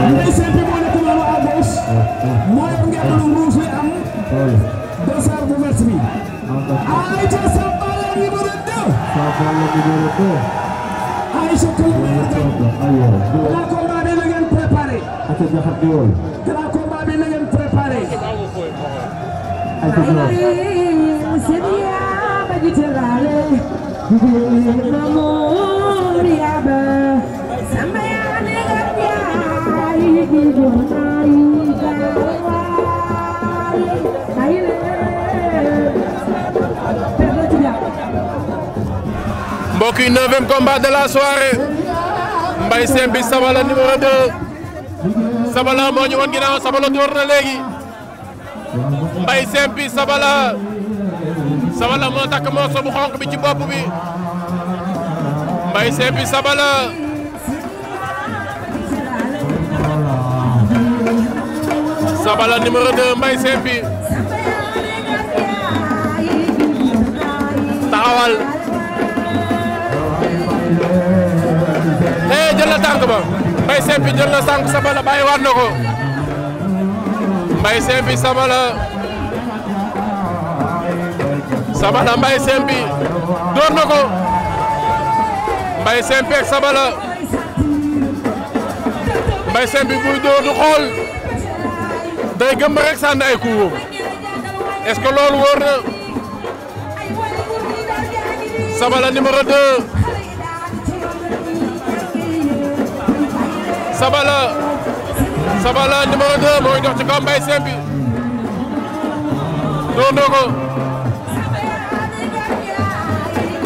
li ngay seet moo nekk noonu à gauche moo yor ngeen lu rouge li am dossard bu vert bi Aïcha Sambala numéro 2 Sambala numéro 2 Aïcha Koulibaly grand combat bi na ngeen préparé grand combat bi na ngeen préparé Seigneur mbokk yi neuvième combat de la soirée Mbaye Sembi Sabala numéro 2 Sabala moo ñu woon Sabala door na léegi Mbaye Sembi Sabala Sabala moo takk moo sobu bi ci bopp bi Mbaye Sembi Sabala. Sabala numéro 2 Mbaye Sempi taxawal eh jël na tànk ba Mbaye Sempi jël na tànk Sabala bàyyiwaat na ko Mbaye Sempi Sabala Sabala Mbaye Sempi door na ko Mbaye Sempi Sabala Mbaye Sempi buy door du xool. day gëm rek sànni ay coup woowu est Sabala numéro 2 Sabala Sabala numéro 2 mooy dox ci kaw Mbaye Sène bi ko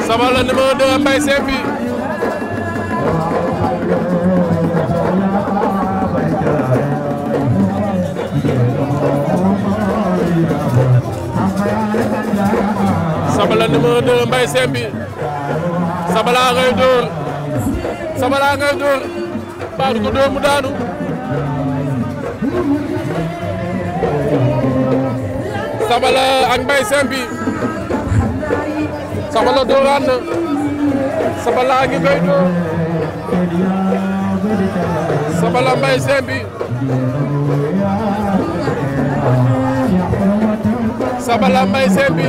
Sabala numéro 2 Mbaye Sène bi. Sabala numéro 2 Mbaye Sembi Sabala ngay dóor Sabala ngay dóor mu daanu Sabala ak Mbaye Sembi Sabala dóoraan na Sabala ngi ngay dóor Sabala Mbaye Sembi Sabala Mbaye Sembi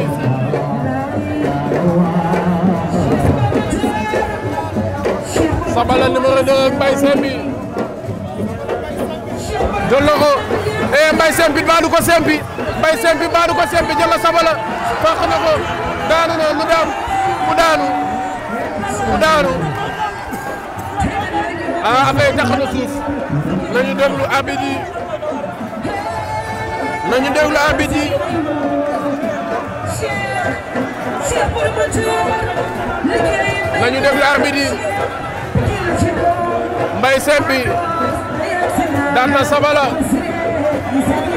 Sabala numéro 2 ak Mbaye Sembi jël na ko eh Mbaye Sembi mbaa du ko sembi Mbaye Sembi mbaa du ko sembi jël na Sabala fàq ko daanu na mu daanu mu daanu ah affaire yi na suuf nañu déglu abidi nañu déglu abidi simpi daan na sabala